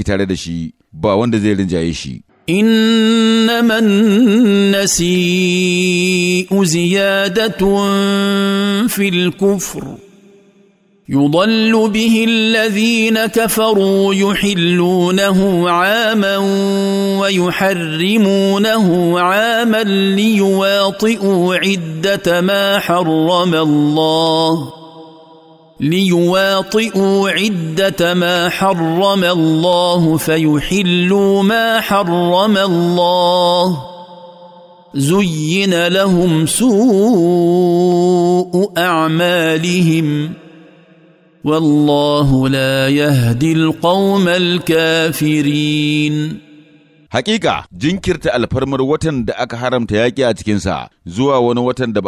yake tare da shi ba wanda zai rinjaye shi إنما النسيء زيادة في الكفر يضل به الذين كفروا يحلونه عاما ويحرمونه عاما ليواطئوا عدة ما حرم الله ۖ ليواطئوا عده ما حرم الله فيحلوا ما حرم الله زين لهم سوء اعمالهم والله لا يهدي القوم الكافرين حقيقه جنكرت الفرمر وتن دا اكا حرمت ياكي ا cikin sa zuwa wani watan da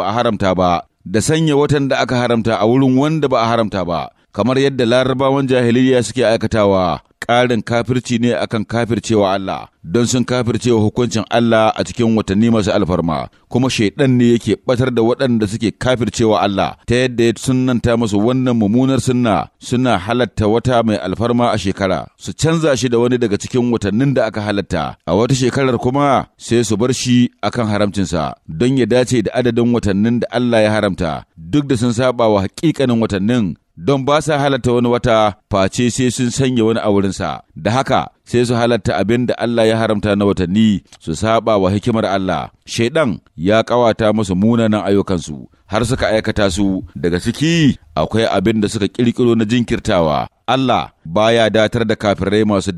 ba da sanya watan da aka haramta a wurin wanda ba a haramta ba kamar yadda larabawan jahiliya suke aikatawa ƙarin kafirci ne akan kafircewa Allah don sun kafircewa hukuncin Allah a cikin watanni masu alfarma kuma shaidan ne yake batar da waɗanda suke kafircewa Allah ta yadda ya sunnanta musu wannan mummunar sunna suna halatta wata mai alfarma a shekara su canza shi da wani daga cikin watannin da aka halatta a wata shekarar kuma sai su bar shi akan haramcinsa don ya dace da adadin watannin da Allah ya haramta duk da sun saba wa hakikanin watannin don ba sa halatta wani wata face sai sun sanya wani a wurinsa, da haka sai su halatta abin da Allah ya haramta na watanni su saba wa hikimar Allah. Shaidan ya ƙawata musu munanan ayyukansu har suka aikata su daga ciki akwai abin da suka ƙirƙiro na jinkirtawa. Allah baya datar da kafirai masu